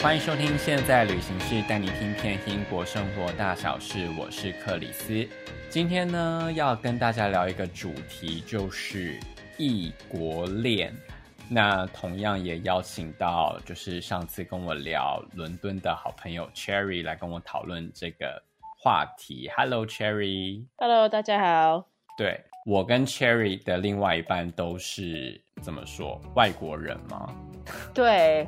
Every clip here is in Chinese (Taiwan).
歡迎收聽《現在旅行室》，帶你聽遍英國生活大小事。我是克里斯，今天呢要跟大家聊一個主題，就是異國戀。那同樣也邀請到，就是上次跟我聊倫敦的好朋友 Cherry 來跟我討論這個話題。Hello，Cherry。Hello，大家好。對。我跟 Cherry 的另外一半都是怎麼說？外國人嗎？對，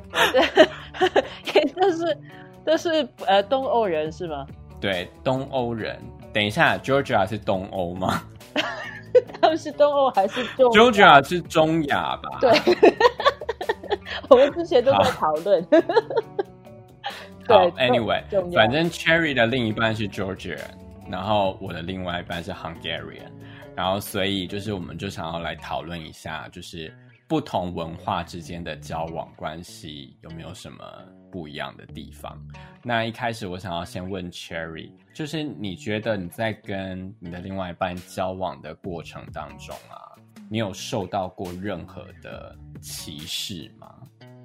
就是都是呃東歐人是嗎？對，東歐人。等一下，Georgia 是東歐嗎？ 他們是東歐還是中？Georgia 是中亞吧？對， 我們之前都在討論。好， 對好，Anyway，反正 Cherry 的另一半是 Georgia，然後我的另外一半是 Hungarian 然後，所以就是，我們就想要來討論一下，就是不同文化之間的交往關係有沒有什麼不一樣的地方？那一開始我想要先問 Cherry，就是你覺得你在跟你的另外一半交往的過程當中啊，你有受到過任何的歧視嗎？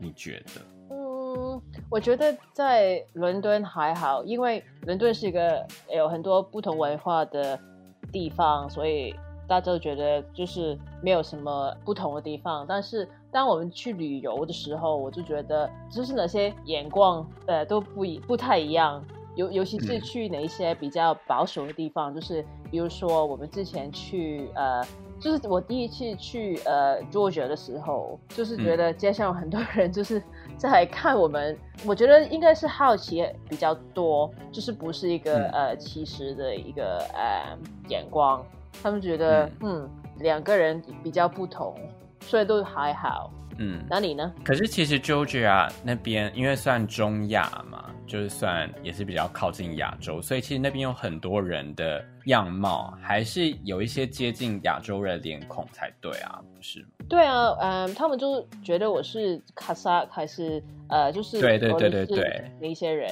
你覺得？嗯，我覺得在倫敦還好，因為倫敦是一個有很多不同文化的。地方，所以大家都覺得就是沒有什麼不同的地方。但是當我們去旅遊的時候，我就覺得就是那些眼光呃都不一不太一樣。尤尤其是去哪一些比較保守的地方，就是比如說我們之前去呃，就是我第一次去呃 Georgia 的時候，就是覺得街上很多人就是。再來看我們，我覺得應該是好奇比較多，就是不是一個、嗯、呃，其實的一個呃眼光。他們覺得，嗯，嗯，兩個人比較不同，所以都還好。嗯，那你呢？可是其實 Georgia 啊，那邊，因為算中亞嘛，就是算也是比較靠近亞洲，所以其實那邊有很多人的。樣貌還是有一些接近亞洲人臉孔才對啊，不是嗎？對啊，嗯、呃，他們就是覺得我是卡薩還是呃，就是對對對對那些人，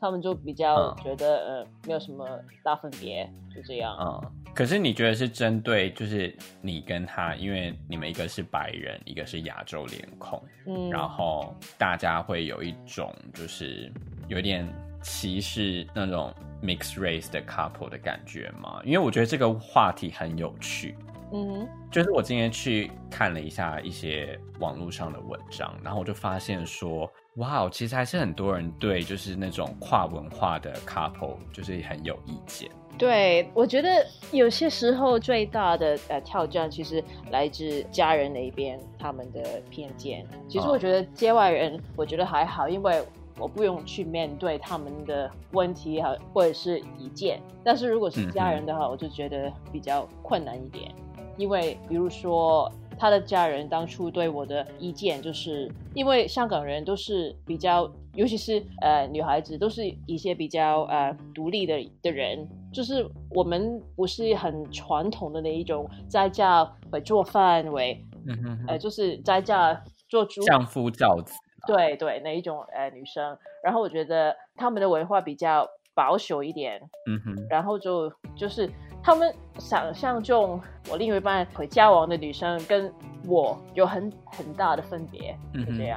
他們就比較覺得、嗯、呃沒有什麼大分別，就這樣。嗯，可是你覺得是針對就是你跟他，因為你們一個是白人，一個是亞洲臉孔，嗯，然後大家會有一種就是有點。歧視那種 mixed race 的 couple 的感覺嗎？因為我覺得這個話題很有趣。嗯哼，就是我今天去看了一下一些網絡上的文章，然後我就發現說，哇，其實還是很多人對就是那種跨文化的 couple 就是很有意見。對，我覺得有些時候最大的呃挑戰其實來自家人那邊，他們的偏見。其實我覺得街外人我覺得還好，因為，我不用去面對他們的問題哈，或者是意見。但是如果是家人的話，我就覺得比較困難一點。嗯、哼因為比如說，他的家人當初對我的意見，就是因為香港人都是比較，尤其是呃女孩子，都是一些比較呃獨立的的人。就是我們不是很傳統的那一種在家會做飯，為嗯、哼呃，就是在家做主。相夫教子。對對，那一種、呃、女生，然後我覺得他們的文化比較保守一點，嗯哼，然後就就是他們想象中我另一半會交往的女生，跟我有很很大的分別，嗯嗯，這樣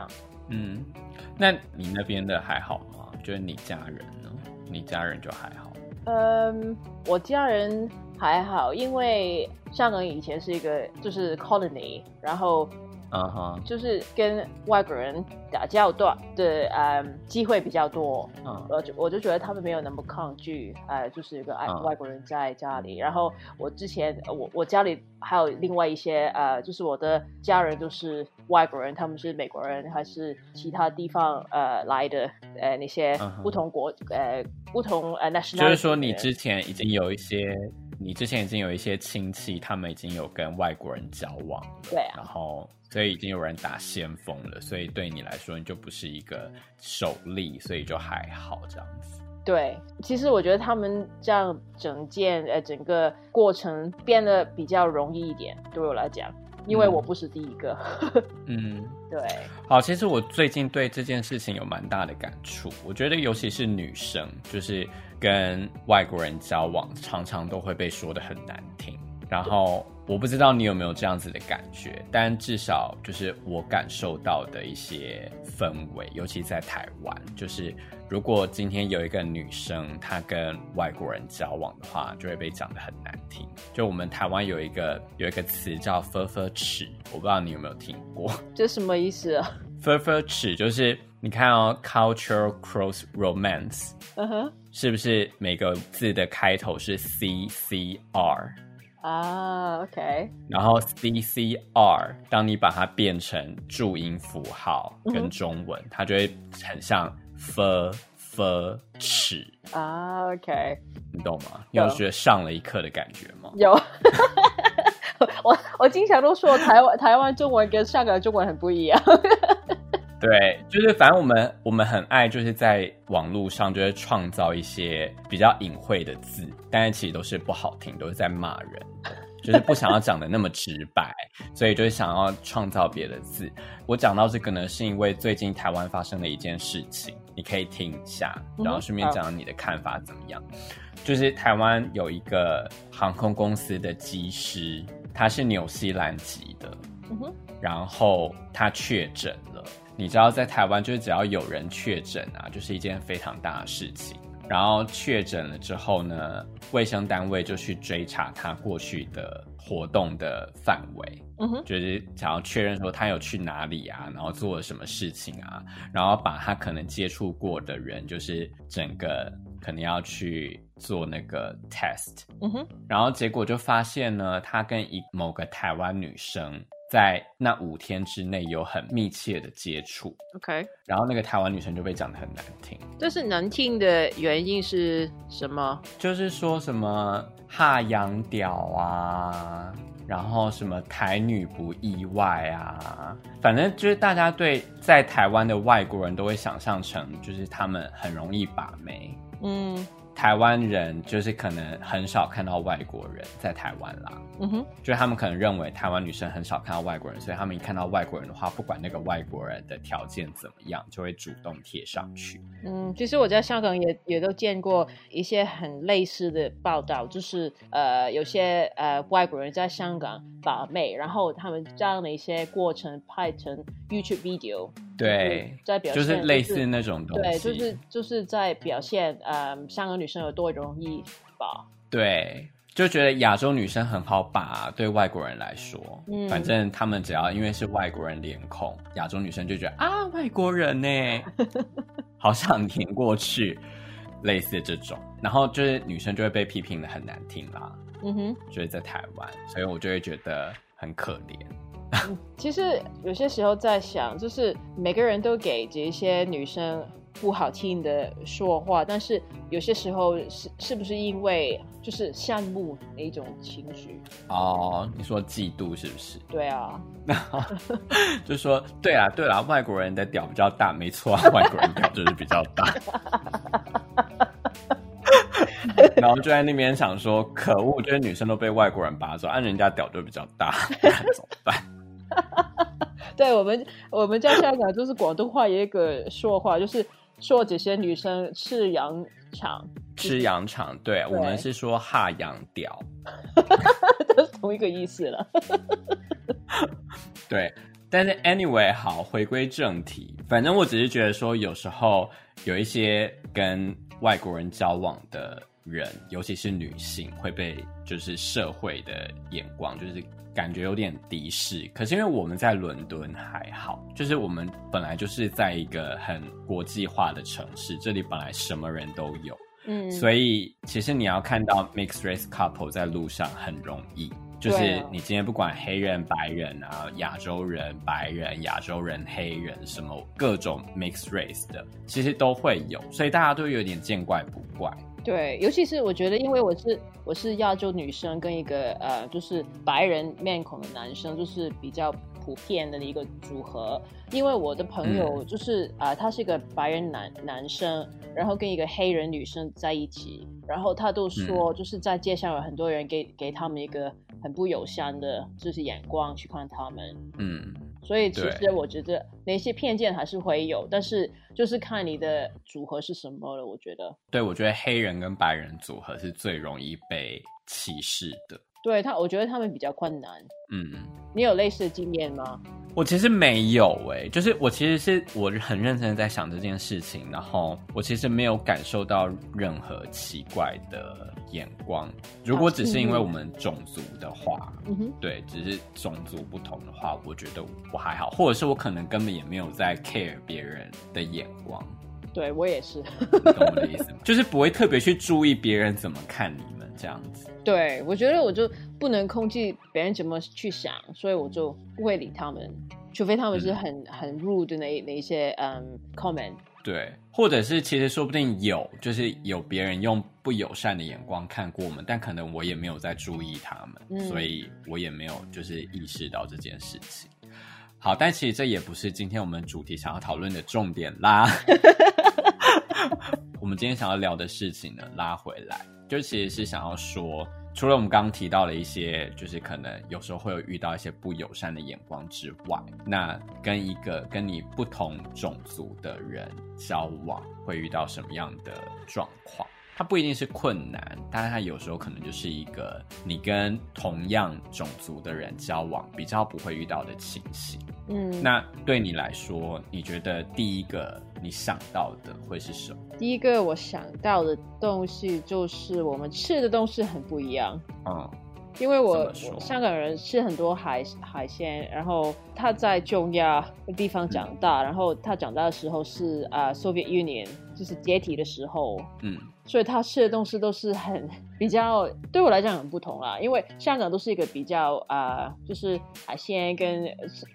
嗯，嗯，那你那邊的還好嗎？就是你家人呢、啊？你家人就還好？嗯，我家人還好，因為香港以前是一個就是 colony，然後。啊哈，uh huh. 就是跟外國人打交道的嗯，um, 機會比較多，嗯、uh huh. 我就我就覺得他們沒有那麼抗拒，呃，就是有個外外國人在家裡。Uh huh. 然後我之前我我家裡還有另外一些呃，就是我的家人都是外國人，他們是美國人還是，是其他地方呃來的，呃那些不同國、uh huh. 呃不同呃 national，就是說你之前已經有一些。你之前已經有一些親戚，他們已經有跟外國人交往了，對啊，然後所以已經有人打先鋒了，所以對你來說，你就不是一個首例。嗯、所以就還好這樣子。對，其實我覺得他們這樣整件呃整個過程變得比較容易一點，對我來講，因為、嗯、我不是第一個。 嗯，對。好，其實我最近對這件事情有蠻大的感觸，我覺得尤其是女生，就是。跟外國人交往，常常都會被說得很難聽。然後我不知道你有沒有這樣子的感覺，但至少就是我感受到的一些氛圍，尤其在台灣，就是如果今天有一個女生她跟外國人交往的話，就會被講得很難聽。就我們台灣有一個有一個詞叫 ㄈㄈ 尺，我不知道你有沒有聽過？這什麼意思啊？ㄈㄈ 尺就是。你看哦，Cultural Cross Romance，、uh huh. 是不是每個字的開頭是 C C R？啊，OK、uh。Huh. 然後 C C R，當你把它變成注音符號跟中文，uh huh. 它就會很像“佛佛尺”。啊，OK、uh。Huh. Uh huh. 你懂嗎？你有覺得上了一課的感覺嗎？有。 我我經常都說台灣台灣中文跟香港中文很不一樣。 對，就是反正我們我們很愛就是在網絡上就是創造一些比較隱晦的字，但是其實都是不好聽，都是在罵人的，就是不想要講的那麼直白， 所以就是想要創造別的字。我講到這個呢，是因為最近台灣發生了一件事情，你可以聽一下，然後順便講你的看法怎麼樣？嗯、就是台灣有一個航空公司的機師，他是紐西蘭籍的，嗯、哼然後他確診了。你知道，在台灣，就是只要有人確診啊，就是一件非常大的事情。然後確診了之後呢，衛生單位就去追查他過去的活動的範圍，嗯哼，就是想要確認說他有去哪裡啊，然後做了什麼事情啊，然後把他可能接觸過的人，就是整個可能要去做那個 test，嗯哼，然後結果就發現呢，他跟一某個台灣女生。在那五天之內有很密切的接觸，OK。然後那個台灣女生就被講得很難聽，這是難聽的原因是什麼？就是說什麼哈洋屌啊，然後什麼台女不意外啊，反正就是大家對在台灣的外國人都會想象成，就是他們很容易把妹，嗯。台灣人就是可能很少看到外國人在台灣啦，嗯哼，就是他們可能認為台灣女生很少看到外國人，所以他們一看到外國人的話，不管那個外國人的條件怎麼樣，就會主動貼上去。嗯，其實我在香港也也都見過一些很類似的報道，就是呃有些呃外國人在香港把妹，然後他們這樣的一些過程拍成 YouTube Video。對，嗯、就是類似、就是、那種東西，對，就是就是在表現，嗯、呃，香港女生有多容易吧？對，就覺得亞洲女生很好吧、啊，對外國人來說，嗯、反正他們只要因為是外國人臉孔，亞洲女生就覺得啊，外國人呢、欸，好想黏過去， 類似這種，然後就是女生就會被批評得很難聽啦、啊，嗯哼，就是在台灣，所以我就會覺得很可憐。 嗯、其實有些時候在想，就是每個人都給這些女生不好聽的說話，但是有些時候是是不是因為就是羨慕那一種情緒？哦，你說嫉妒是不是？對啊，就說對啊對啊，外國人的屌比較大，沒錯啊，外國人屌就是比較大。 然後就在那邊想說，可惡，這些女生都被外國人拔走，按、啊、人家屌就比較大，怎麼辦？ 對，我們，我們家鄉講就是廣東話有一個說話，就是說這些女生羊吃羊腸，吃羊腸，對，對我們是說哈羊屌。 都是同一個意思了。 對，但是 anyway 好，回歸正題，反正我只是覺得說有時候有一些跟外國人交往的。人，尤其是女性，會被就是社會的眼光，就是感覺有點敵視。可是，因為我們在倫敦還好，就是我們本來就是在一個很國際化的城市，這裡本來什麼人都有，嗯，所以其實你要看到 mixed race couple 在路上很容易，就是你今天不管黑人、白人啊、亞洲人、白人、亞洲人、黑人，什麼各種 mixed race 的，其實都會有，所以大家都有點見怪不怪。對，尤其是我覺得，因為我是我是亞洲女生跟一個呃，就是白人面孔的男生，就是比較普遍的一個組合。因為我的朋友就是啊、嗯呃，他是一個白人男男生，然後跟一個黑人女生在一起，然後他都說，就是在街上有很多人給給他們一個很不友善的就是眼光去看他們。嗯。所以其實我覺得那些偏見還是會有，對但是就是看你的組合是什麼了。我覺得，對，我覺得黑人跟白人組合是最容易被歧視的。對，他，我覺得他們比較困難。嗯，你有類似的經驗嗎？我其實沒有哎、欸、就是我其實是我很認真的在想這件事情，然後我其實沒有感受到任何奇怪的眼光。如果只是因為我們種族的話，嗯哼、啊，對，只是種族不同的話，我覺得我還好，或者是我可能根本也沒有在 care 別人的眼光。對，我也是，你懂我的意思嗎？ 就是不會特別去注意別人怎麼看你。這樣子，對我覺得我就不能控制別人怎麼去想，所以我就不會理他們，除非他們是很、嗯、很 rude 那那一些，嗯、um, comment。對，或者是其實說不定有，就是有別人用不友善的眼光看過我們，但可能我也沒有在注意他們，嗯、所以我也沒有就是意識到這件事情。好，但其實這也不是今天我們主題想要討論的重點啦。 我們今天想要聊的事情呢，拉回來。就其實是想要說，除了我們剛剛提到了一些，就是可能有時候會有遇到一些不友善的眼光之外，那跟一個跟你不同種族的人交往，會遇到什麼樣的狀況？它不一定是困難，但是它有時候可能就是一個你跟同樣種族的人交往比較不會遇到的情形。嗯，那對你來說，你覺得第一個？你想到的會是什麼？第一個我想到的東西就是我們吃的東西很不一樣。嗯，因為我，我香港人吃很多海海鮮，然後他在中亞地方長大，嗯、然後他長大的時候是啊、uh,，Soviet Union 就是解體的時候，嗯，所以他吃的東西都是很。比較對我來講很不同啦、啊，因為香港都是一個比較啊、呃，就是海鮮跟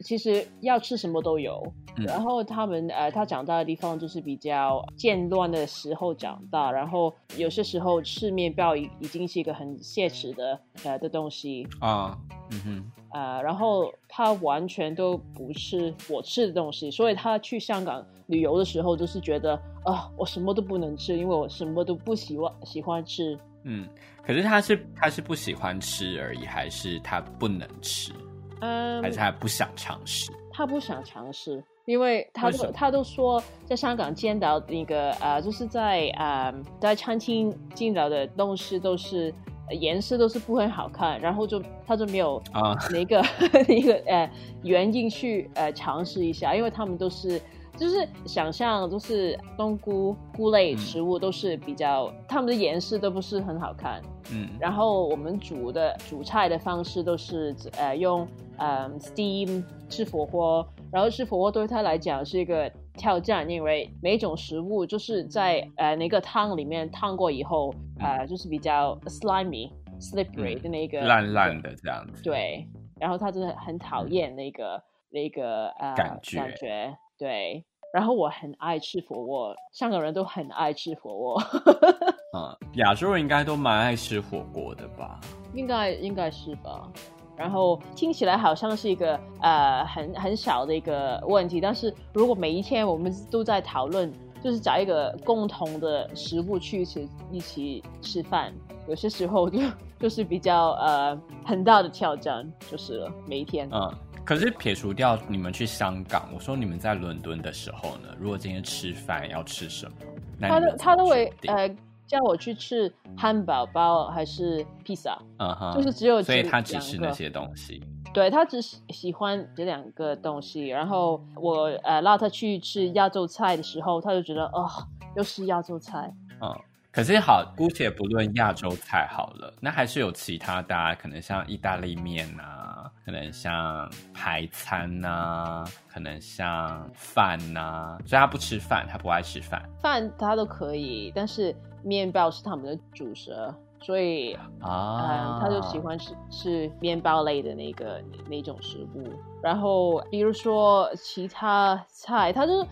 其實要吃什麼都有。嗯、然後他們呃，他長大的地方就是比較戰亂的時候長大，然後有些時候吃麵包已已經是一個很奢侈的呃的東西啊，嗯哼啊、呃，然後他完全都不吃我吃的東西，所以他去香港旅遊的時候就是覺得啊、呃，我什麼都不能吃，因為我什麼都不喜歡喜歡吃。嗯，可是他是他是不喜歡吃而已，還是他不能吃？嗯，um, 還是他不想嘗試？他不想嘗試，因為他都為他都說，在香港見到那個啊、呃，就是在啊、呃，在餐廳見到的東西都是、呃、顏色都是不很好看，然後就他就沒有啊、uh.，哪個那個呃原因去呃嘗試一下，因為他們都是。就是想象，就是冬菇、菇類食物都是比較，它、嗯、們的顏色都不是很好看。嗯，然後我們煮的煮菜的方式都是呃用呃 steam 吃火鍋，然後吃火鍋對他來講是一個挑戰，因為每一種食物就是在、嗯、呃那個湯裡面燙過以後、嗯、呃，就是比較 slimy、嗯、slippery 的那個爛爛的這樣子。對，然後他真的很討厭那個、嗯、那個呃感覺。感覺。對，然後我很愛吃火鍋，香港人都很愛吃火鍋。 嗯，亞洲人應該都蠻愛吃火鍋的吧？應該應該是吧。然後聽起來好像是一個呃很很小的一個問題，但是如果每一天我們都在討論，就是找一個共同的食物去吃，一起吃飯，有些時候就就是比較呃很大的挑戰，就是每一天，嗯。可是撇除掉你們去香港，我說你們在倫敦的時候呢？如果今天吃飯要吃什麼？那麼他他都會呃叫我去吃漢堡包還是披薩？嗯哼，就是只有兩個，所以他只吃那些東西。對，他只喜歡這兩個東西。然後我呃拉他去吃亞洲菜的時候，他就覺得哦，又是亞洲菜。嗯，可是好，姑且不論亞洲菜好了，那還是有其他的啊，可能像意大利麵啊。可能像排餐吶，可能像飯吶，所以他不吃飯，他不愛吃飯，飯他都可以，但是麵包是他們的主食，所以啊，他就喜歡吃吃麵包類的那個那種食物，然後比如說其他菜，他就是。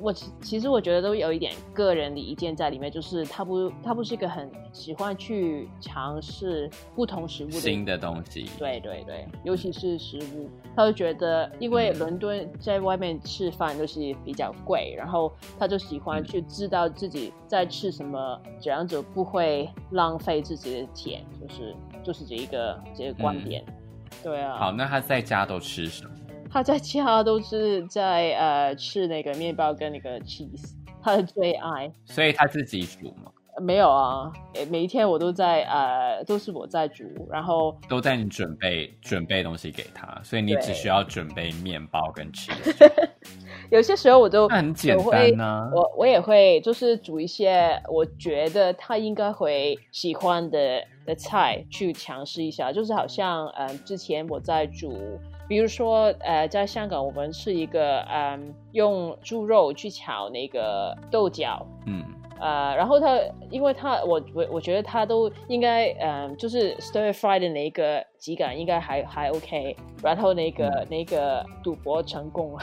我其實我覺得都有一點個人的意見在裡面，就是他不他不是一個很喜歡去嘗試不同食物的新的東西。對對對，對對嗯、尤其是食物，他就覺得因為倫敦在外面吃飯就是比較貴，嗯、然後他就喜歡去知道自己在吃什麼，嗯、這樣子不會浪費自己的錢，就是就是這一個這個觀點，嗯、對啊。好，那他在家都吃什麼？他在家都是在呃吃那個麵包跟那個 cheese，他的最愛。所以他自己煮嗎？沒有啊，每一天我都在呃，都是我在煮，然後都在你準備準備東西給他，所以你只需要準備麵包跟 cheese。對 有些時候我都、很簡單啊，我會呢，我我也會就是煮一些我覺得他應該會喜歡的的菜去嘗試一下，就是好像、呃、之前我在煮。比如說，呃，在香港我們吃一個，嗯、呃，用豬肉去炒那個豆角，嗯、呃，然後他，因為他，我我我覺得他都應該，嗯、呃，就是 stir fry 的那個質感應該還還 OK，然後那個、嗯、那個賭博成功了，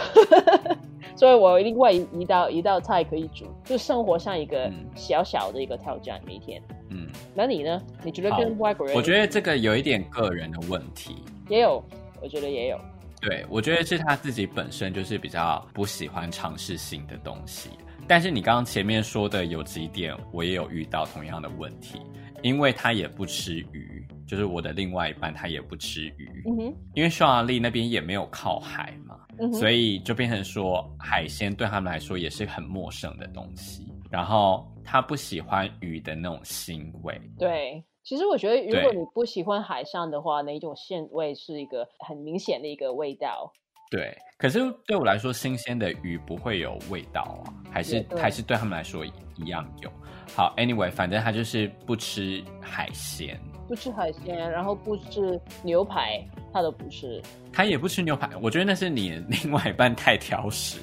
所以我另外一道一道菜可以煮，就生活上一個小小的一個挑戰，每天。嗯，那你呢？你覺得跟外國人？我覺得這個有一點個人的問題，也有。我覺得也有，對，我覺得是他自己本身就是比較不喜歡嘗試新的東西。但是你剛剛前面說的有幾點，我也有遇到同樣的問題，因為他也不吃魚，就是我的另外一半他也不吃魚，嗯哼，因為匈牙利那邊也沒有靠海嘛，嗯哼，所以就變成說海鮮對他們來說也是很陌生的東西，然後他不喜歡魚的那種腥味，對。其實我覺得，如果你不喜歡海上的話，對那一種鮮味是一個很明顯的一個味道。對，可是對我來說，新鮮的魚不會有味道啊，還是還是對他們來說一,一樣有。好，anyway，反正他就是不吃海鮮。不吃海鮮，然後不吃牛排，他都不吃。他也不吃牛排，我覺得那是你另外一半太挑食。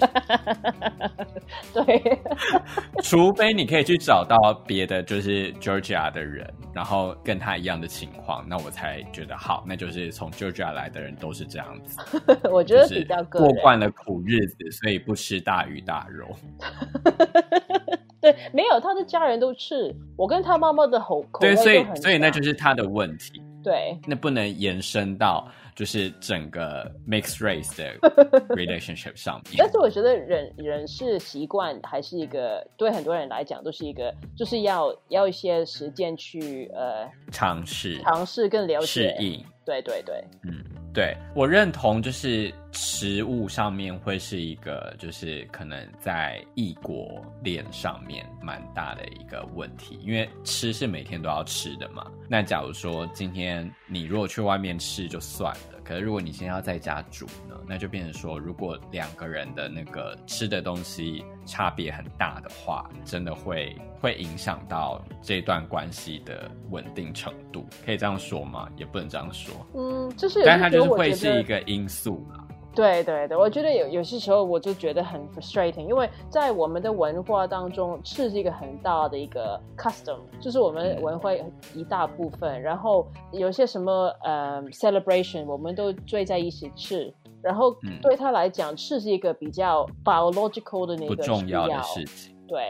對， 除非你可以去找到別的就是 Georgia 的人，然後跟他一樣的情況，那我才覺得好，那就是從 Georgia 來的人都是這樣子。 我覺得是比較過慣了苦日子，所以不吃大魚大肉。 對，沒有，他的家人都吃，我跟他媽媽的口味都很，所以所以，那就是他的問題。對，那不能延伸到就是整個 mixed race 的 relationship 上面。 但是我覺得人人是習慣，還是一個，對很多人來講都是一個，就是要要一些時間去呃嘗試嘗試跟了解適應。對對對，嗯，對，我認同，就是食物上面會是一個，就是可能在異國戀上面蠻大的一個問題，因為吃是每天都要吃的嘛，那假如說今天你如果去外面吃就算了。可是，如果你現在要在家煮呢，那就變成說，如果兩個人的那個吃的東西差別很大的話，真的會會影響到這段關係的穩定程度，可以這樣說嗎？也不能這樣說，嗯，就是，就是但它就是會是一個因素嘛。對對對，我覺得有有些時候我就覺得很 frustrating，因為在我們的文化當中，吃是一個很大的一個 custom，就是我們文化一大部分。對對對，然後有些什麼呃 celebration，我們都聚在一起吃。然後對他來講，吃、嗯、是一個比較 biological 的那個需要重要的事情。對，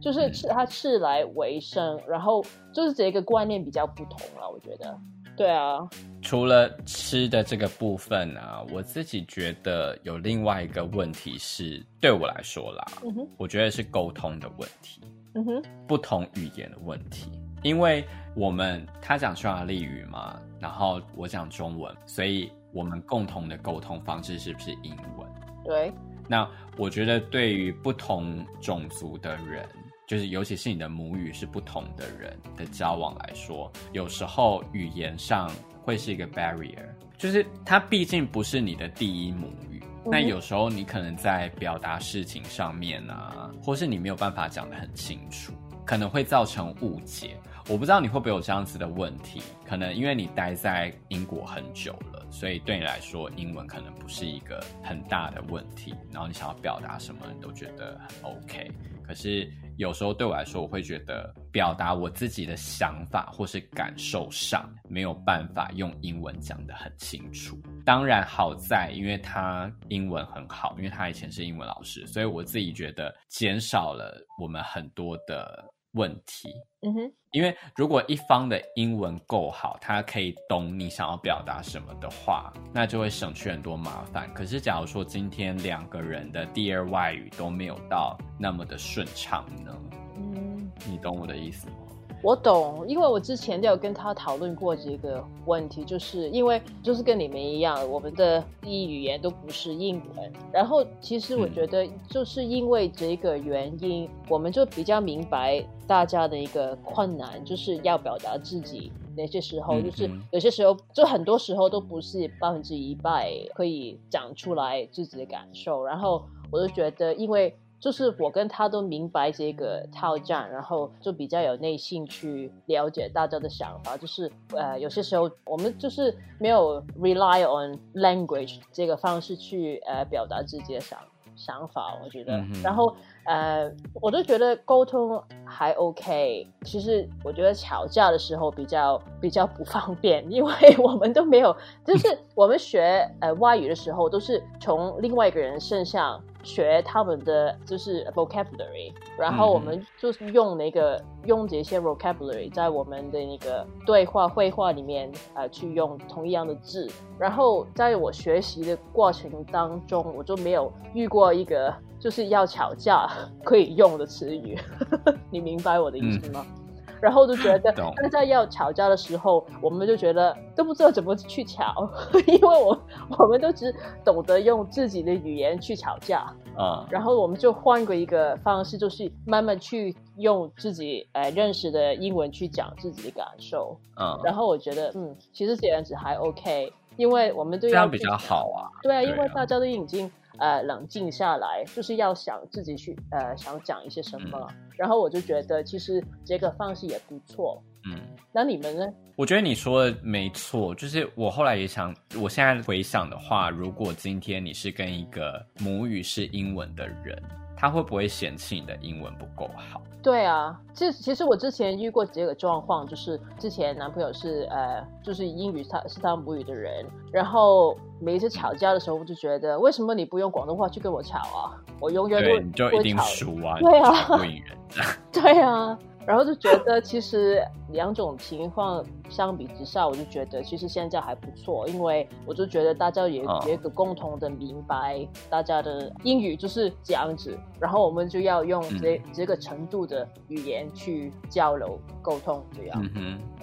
就是吃，嗯、他吃來維生，然後就是這個觀念比較不同了、啊，我覺得。對啊，除了吃的這個部分啊，我自己覺得有另外一個問題是對我來說啦，嗯哼，我覺得是溝通的問題，嗯哼，不同語言的問題，因為我們他講匈牙利語嘛，然後我講中文，所以我們共同的溝通方式是不是英文？對，那我覺得對於不同種族的人。就是，尤其是你的母語是不同的人的交往來說，有時候語言上會是一個 barrier，就是它畢竟不是你的第一母語。那有時候你可能在表達事情上面啊，或是你沒有辦法講得很清楚，可能會造成誤解。我不知道你會不會有這樣子的問題。可能因為你待在英國很久了，所以對你來說，英文可能不是一個很大的問題。然後你想要表達什麼，你都覺得很 OK。可是。有時候對我來說，我會覺得表達我自己的想法或是感受上沒有辦法用英文講得很清楚。當然好在，因為他英文很好，因為他以前是英文老師，所以我自己覺得減少了我們很多的問題。嗯哼。因為如果一方的英文夠好，他可以懂你想要表達什麼的話，那就會省去很多麻煩。可是，假如說今天兩個人的第二外語都沒有到那麼的順暢呢？嗯，你懂我的意思嗎？我懂，因為我之前都有跟他討論過這個問題，就是因為就是跟你們一樣，我們的第一語言都不是英文。然後其實我覺得就是因為這個原因，嗯、我們就比較明白大家的一個困難，就是要表達自己，那些時候、嗯、就是有些時候就很多時候都不是百分之一百可以講出來自己的感受。然後我就覺得，因為。就是我跟他都明白這個挑戰，然後就比較有耐心去了解大家的想法。就是呃，有些時候我們就是沒有 rely on language 這個方式去呃表達自己的想想法。我覺得，uh huh. 然後呃，我都覺得溝通還 OK。其實我覺得吵架的時候比較比較不方便，因為我們都沒有，就是我們學 呃外語的時候都是從另外一個人身上。學他們的就是 vocabulary，然後我們就是用那個、嗯、用這些 vocabulary 在我們的那個對話會話裡面啊、呃、去用同一樣的字，然後在我學習的過程當中，我就沒有遇過一個就是要吵架可以用的詞語， 你明白我的意思嗎？嗯、然後就覺得 那在要吵架的時候，我們就覺得都不知道怎麼去吵，因為我。我們都只懂得用自己的語言去吵架，啊、嗯，然後我們就換過一個方式，就是慢慢去用自己呃認識的英文去講自己的感受，嗯，然後我覺得嗯，其實這樣子還 OK，因為我們都要這樣比較好啊，對啊，對啊，因為大家都已經呃冷靜下來，就是要想自己去呃想講一些什麼，嗯、然後我就覺得其實這個方式也不錯。嗯，那你們呢？我覺得你說的沒錯，就是我後來也想，我現在回想的話，如果今天你是跟一個母語是英文的人，他會不會嫌棄你的英文不夠好？對啊，其實其實我之前遇過這個狀況，就是之前男朋友是呃，就是英語他是他母語的人，然後每一次吵架的時候，我就覺得為什麼你不用廣東話去跟我吵啊？我永遠會對你就一定輸吵啊？對啊， 對啊。然後就覺得，其實兩種情況相比之下，我就覺得其實現在還不錯，因為我就覺得大家也也、哦、有一個共同的明白，大家的英語就是這樣子，然後我們就要用這、嗯、這個程度的語言去交流溝通這樣。嗯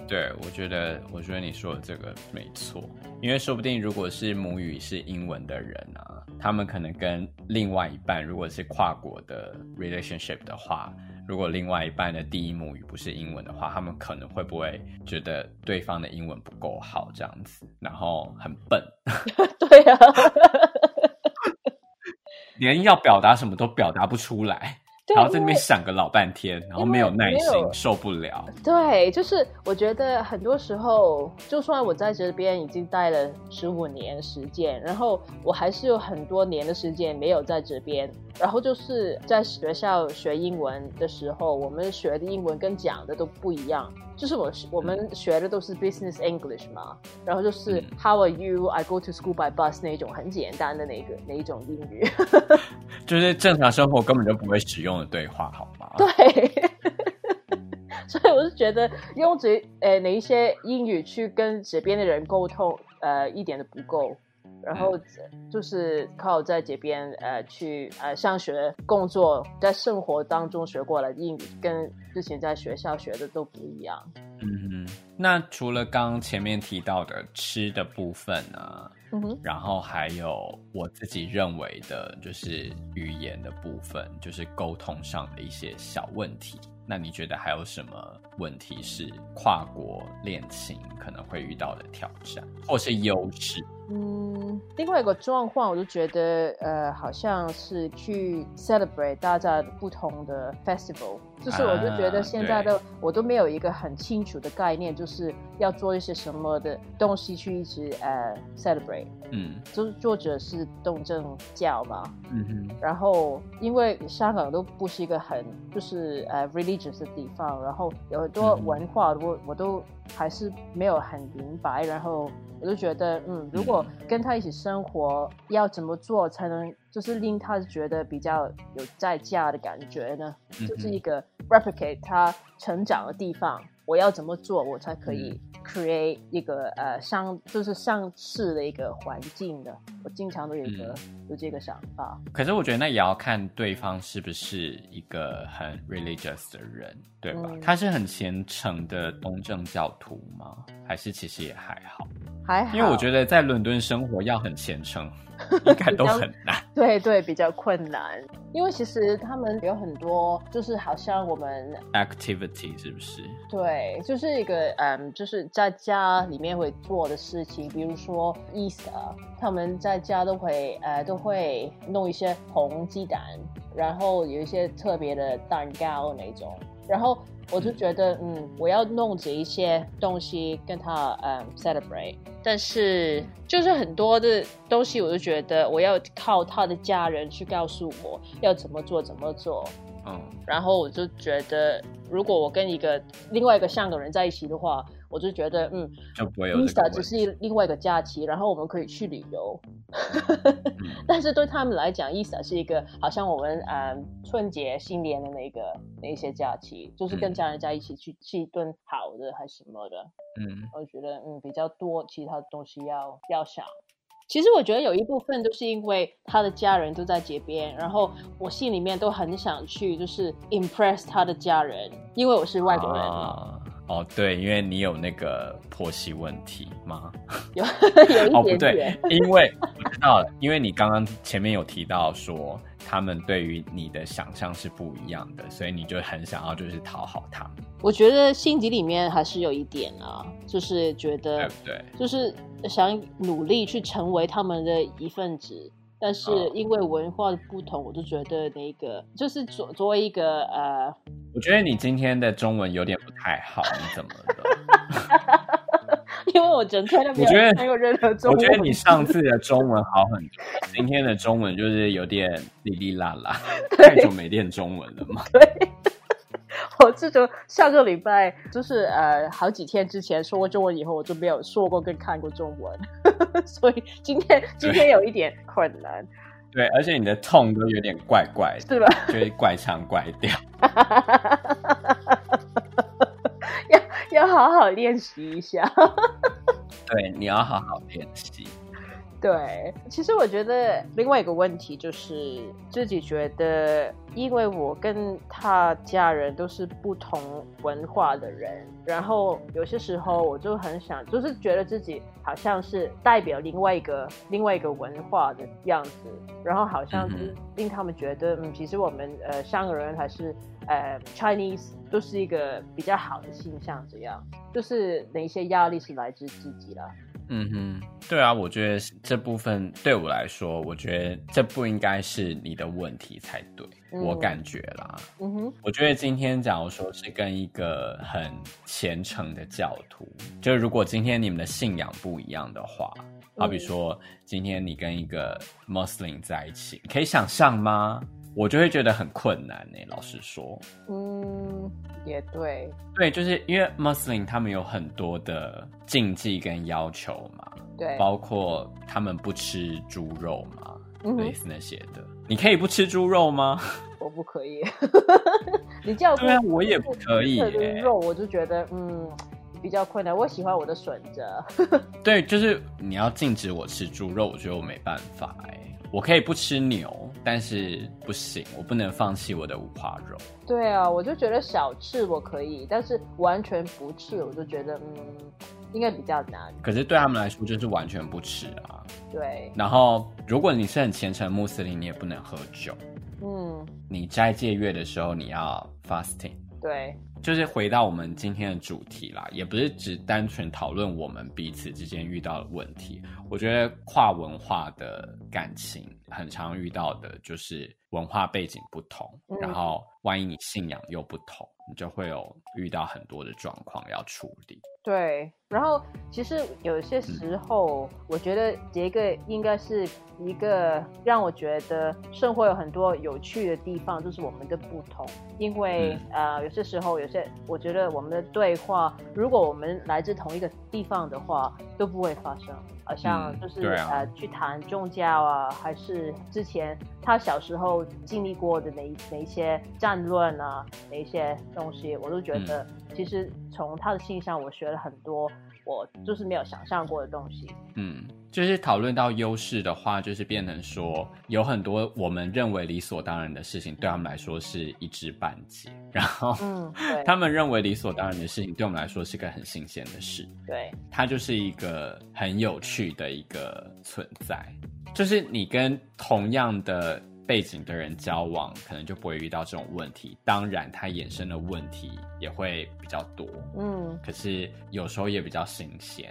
哼，對，我覺得，我覺得你說的這個沒錯，因為說不定如果是母語是英文的人啊，他們可能跟另外一半如果是跨國的 relationship 的話。如果另外一半的第一母語不是英文的話，他們可能會不會覺得對方的英文不夠好，這樣子，然後很笨。 對呀， 連要表達什麼都表達不出來。對然後在那邊想個老半天，為然後沒有耐心，受不了。對，就是我覺得很多時候，就算我在這邊已經待了十五年的時間，然後我還是有很多年的時間沒有在這邊。然後就是在學校學英文的時候，我們學的英文跟講的都不一樣，就是我、嗯、我們學的都是 business English 嘛，然後就是 How are you? I go to school by bus 那一種很簡單的那個那個那種英語。 就是正常生活根本就不會使用的對話，好嗎？對呵呵，所以我是覺得用這，呃那一些英語去跟這邊的人溝通，呃，一點都不夠。然後就是靠在這邊呃去呃上學工作，在生活當中學過來英語，跟之前在學校學的都不一樣。嗯哼，那除了剛前面提到的吃的部分呢，嗯哼，然後還有我自己認為的就是語言的部分，就是溝通上的一些小問題。那你覺得還有什麼問題是跨國戀情可能會遇到的挑戰，或是優勢？嗯，另外一個狀況，我就覺得，呃，好像是去 celebrate 大家不同的 festival、啊、就是我就覺得現在的對我都沒有一個很清楚的概念，就是要做一些什麼的東西去一直呃、uh, celebrate。嗯，就是作者是東正教嘛，嗯哼，然後因為香港都不是一個很就是呃、uh, religious 的地方，然後有很多文化，嗯、哼我我都。還是沒有很明白，然後我就覺得，嗯，如果跟他一起生活，要怎麼做才能就是令他覺得比較有在家的感覺呢？嗯哼。就是一個 replicate 他成長的地方，我要怎麼做，我才可以？嗯 create 一個呃上就是上市的一個環境的，我經常都有一個、嗯、有這個想法。可是我覺得那也要看對方是不是一個很 religious 的人，對吧？嗯、他是很虔誠的東正教徒嗎？還是其實也還好？還好，因為我覺得在倫敦生活要很虔誠， 應該都很難。 對對，比較困難， 因為其實他們有很多，就是好像我們 activity 是不是？對，就是一個嗯，就是。在家裡面會做的事情，比如說，Easter，他們在家都會呃，都會弄一些紅雞蛋，然後有一些特別的蛋糕那種。然後我就覺得，嗯，我要弄這一些東西跟他嗯 celebrate。但是就是很多的東西，我就覺得我要靠他的家人去告訴我要怎麼做怎麼做。嗯，然後我就覺得，如果我跟一個另外一個香港人在一起的話，我就覺得，嗯 ESA 只是另外一個假期，然後我們可以去旅遊。 嗯、但是對他們來講 ESA 是一個好像我們嗯、呃，春節、新年的那個那一些假期，就是跟家人在一起去吃一頓好的，還是什麼的。嗯，我覺得嗯比較多其他東西要要想。其實我覺得有一部分都是因為他的家人都在街邊，然後我心裡面都很想去，就是 impress 他的家人，因為我是外國人。啊哦，對，因為你有那個婆媳問題嗎？有，有一點點。哦，因為我知道了， 因為你剛剛前面有提到說，他們對於你的想象是不一樣的，所以你就很想要就是討好他們。我覺得心底裡面還是有一點啊、哦，就是覺得，對，就是想努力去成為他們的一份子，但是因為文化的不同，我就覺得那一個就是作作為一個呃。我覺得你今天的中文有點不太好，你怎麼了？ 因為我整天都我覺得沒有任何中文我，我覺得你上次的中文好很多， 今天的中文就是有點哩哩啦啦，對太久沒練中文了嘛。對，我自從上個禮拜就是呃好幾天之前說過中文以後，我就沒有說過跟看過中文， 所以今天今天有一點困難對。對，而且你的痛都有點怪怪的，對吧？就是怪腔怪調。哈， 要要好好練習一下 。對，你要好好練習。對，其實我覺得另外一個問題就是自己覺得，因為我跟他家人都是不同文化的人，然後有些時候我就很想，就是覺得自己好像是代表另外一個另外一個文化的樣子，然後好像是令他們覺得，嗯，其實我們呃香港人還是呃 Chinese 都是一個比較好的形象，這樣，就是哪些壓力是來自自己啦？嗯哼，對啊，我覺得這部分對我來說，我覺得這不應該是你的問題才對，嗯、我感覺啦。嗯哼，我覺得今天假如說是跟一個很虔誠的教徒，就是如果今天你們的信仰不一樣的話，好比說今天你跟一個穆斯林在一起，可以想象嗎？我就會覺得很困難呢、欸，老實說。嗯，也對。對，就是因為 Muslim 他們有很多的禁忌跟要求嘛。對，包括他們不吃豬肉嘛，嗯類似哼那些的。你可以不吃豬肉嗎？我不可以。 你叫我對啊，我也不可以。豬肉，我就覺得嗯。比較困難，我喜歡我的選擇。 對，就是你要禁止我吃豬肉，我覺得我沒辦法哎。我可以不吃牛，但是不行，我不能放棄我的五花肉。對啊，我就覺得少吃我可以，但是完全不吃，我就覺得嗯，應該比較難。可是對他們來說，就是完全不吃啊。對。然後，如果你是很虔誠穆斯林，你也不能喝酒。嗯。你齋戒月的時候，你要 fasting。對。就是回到我們今天的主題啦，也不是只單純討論我們彼此之間遇到的問題。我覺得跨文化的感情很常遇到的，就是文化背景不同，嗯、然後萬一你信仰又不同，你就會有遇到很多的狀況要處理。對，然後其實有些時候，嗯、我覺得這個應該是一個讓我覺得生活有很多有趣的地方，就是我們的不同，因為、嗯、呃，有些時候有。而且我覺得我們的對話，如果我們來自同一個地方的話，都不會發生。好像就是、嗯啊、呃，去談宗教啊，還是之前他小時候經歷過的哪哪一些戰亂啊，哪一些東西，我都覺得其實從他的身上我學了很多，我就是沒有想象過的東西。嗯。就是討論到優勢的話，就是變成說有很多我們認為理所當然的事情，對他們來說是一知半解。然後，嗯，他們認為理所當然的事情，對我們來說是個很新鮮的事。對，它就是一個很有趣的一個存在。就是你跟同樣的背景的人交往，可能就不會遇到這種問題。當然，它衍生的問題也會比較多。嗯，可是有時候也比較新鮮。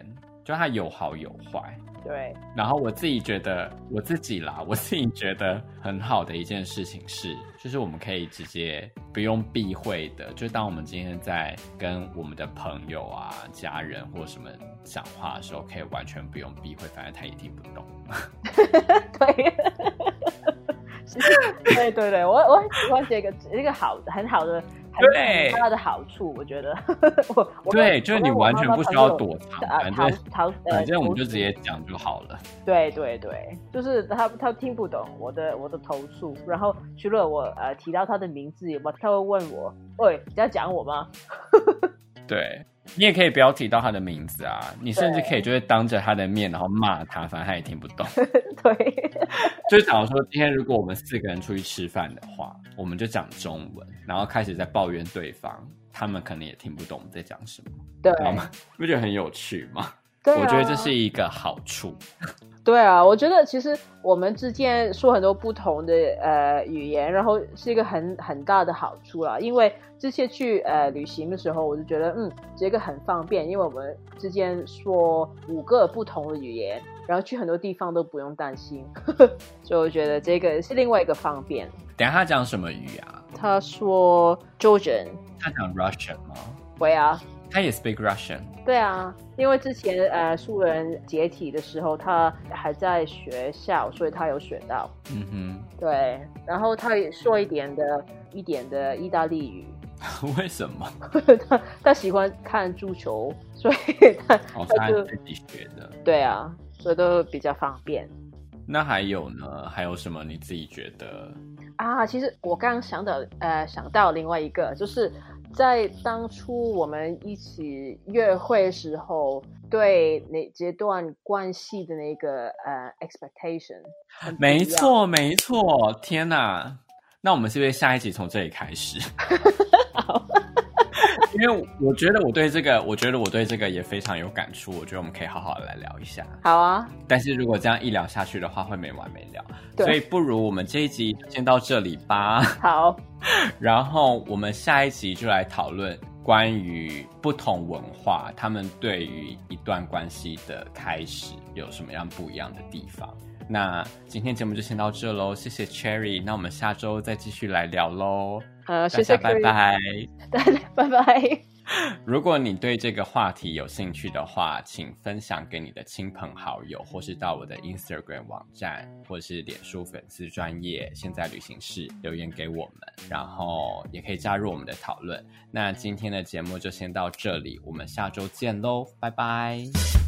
就它有好有壞，對。然後我自己覺得，我自己啦，我自己覺得很好的一件事情是，就是我們可以直接不用避諱的，就當我們今天在跟我們的朋友啊、家人或什麼講話的時候，可以完全不用避諱，反正他也聽不懂。 對， 對對對，我我很喜歡這個這個好的很好的。對，是他的好處， 我，對我覺得，我對，就是你完全不需要躲藏，反正討，但我們就直接講就好了。對對對，就是他他聽不懂我的我的投訴，然後除了我呃提到他的名字以外，我他會問我，喂，你在講我嗎？ 對你也可以不要提到他的名字啊，你甚至可以就是當着他的面，然後罵他，反正他也聽不懂。對，就是假如說今天如果我們四個人出去吃飯的話，我們就講中文，然後開始在抱怨對方，他們可能也聽不懂我們在講什麼，好對嗎？不就很有趣嗎？啊、我覺得這是一個好處。對啊，我覺得其實我們之間說很多不同的呃語言，然後是一個很很大的好處啊。因為這些去呃旅行的時候，我就覺得嗯，這個很方便，因為我們之間說五個不同的語言，然後去很多地方都不用擔心。呵呵，所以我覺得這個是另外一個方便。等下他講什麼語啊？他說 Georgian 他講 Russian 嗎？會、嗯、啊。他也 speak Russian。對啊，因為之前呃蘇聯解體的時候，他還在學校，所以他有學到。嗯哼，對，然後他也說一點的、一點的意大利語。 為什麼？ 他他喜歡看足球，所以他、哦、他，還他就自己學的。對啊，所以都比較方便。那還有呢？還有什麼？你自己覺得？啊，其實我剛剛想到，呃，想到另外一個就是。在當初我們一起約會的時候，對那階段關係的那個呃 expectation？沒錯，沒錯，天哪，那我們是不是下一集從這裡開始？ 好 因為我覺得我對這個，我覺得我對這個也非常有感觸。我覺得我們可以好好來聊一下。好啊，但是如果這樣一聊下去的話，會沒完沒了。對所以不如我們這一集先到這裡吧。好，然後我們下一集就來討論關於不同文化他們對於一段關係的開始有什麼樣不一樣的地方。那今天節目就先到這嘍，謝謝 Cherry，那我們下周再繼續來聊嘍。好，謝謝，拜拜， 拜拜。如果你對這個話題有興趣的話，請分享給你的親朋好友，或是到我的 Instagram 網站，或是臉書粉絲專頁，現在旅行社留言給我們，然後也可以加入我們的討論。那今天的節目就先到這裡，我們下周見嘍，拜拜。